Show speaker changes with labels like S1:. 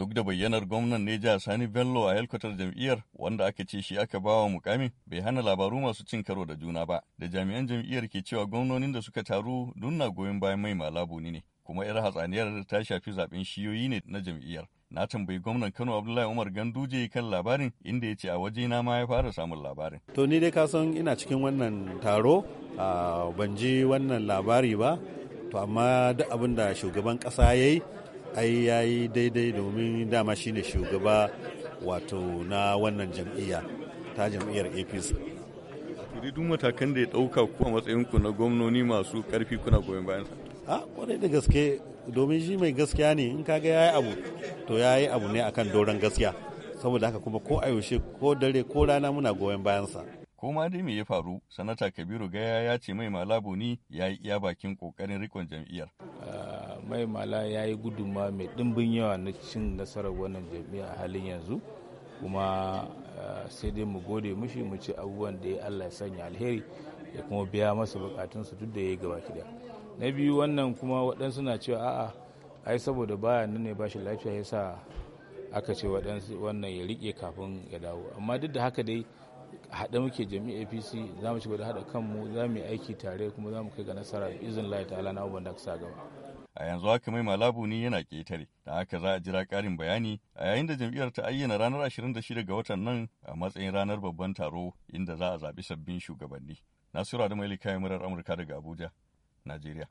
S1: duk da bayyanar gwamnan Neja Sani Bello a helkwatar jam'iyyar wanda aka ce shi aka bawa mukamin bai hana labaru masu cin karo da juna ba da jami'an jam'iyyar ke cewa gwamnonin da suka taru nuna goyon bayan mai malabu ne kuma 'yar hatsaniyar da ta shafi zaben shiyoyi ne na jam'iyyar. na tambayi gwamnan kano abdullahi umar ganduje kan labarin inda ya ce a waje na ma ya fara samun labarin
S2: to ni dai ka san ina cikin wannan taro ban ji wannan labari ba to amma duk abin da shugaban ƙasa ya yi ai ya yi daidai domin dama shi ne shugaba wato na wannan jam'iyya ta jam'iyyar apc duk matakan da ya ɗauka kuma a matsayinku na
S1: gwamnoni masu karfi kuna goyon bayansa
S2: a kwarai da gaske domin shi mai gaskiya ne in kaga ya yi abu to ya yi abu ne akan doron gaskiya saboda haka kuma ko a yaushe ko dare ko rana muna goyon bayansa
S1: ko ma dai me ya faru sanata kabiru gaya ya ce mai malabo ni ya yi iya bakin
S3: kokarin rikon jam'iyyar mai mala ya yi gudunma mai ɗimbin yawa na cin nasarar wannan jami'a a halin yanzu kuma eh, sai dai mu gode mushi mu ci abubuwan da ya allah ya sanya alheri ya kuma biya masa bukatunsu duk da ya yi gaba kida na biyu wannan kuma waɗansu na cewa a'a ai saboda baya nan ne bashi lafiya yasa aka ce waɗansu wannan ya riƙe kafin ya dawo amma duk da haka dai haɗe muke jami'a apc za mu ci gaba da haɗa kanmu za mu yi aiki tare kuma za mu kai ga nasara da izin lai ala na abubuwan da aka sa gaba
S1: a yanzu haka mai malabu ne yana ƙetare da haka za a jira ƙarin bayani a yayin da jam'iyyar ta ayyana ranar 26 ga watan nan a matsayin ranar babban taro inda za a zaɓi sabbin shugabanni nasiru adamu mai murar amurka daga abuja najeriya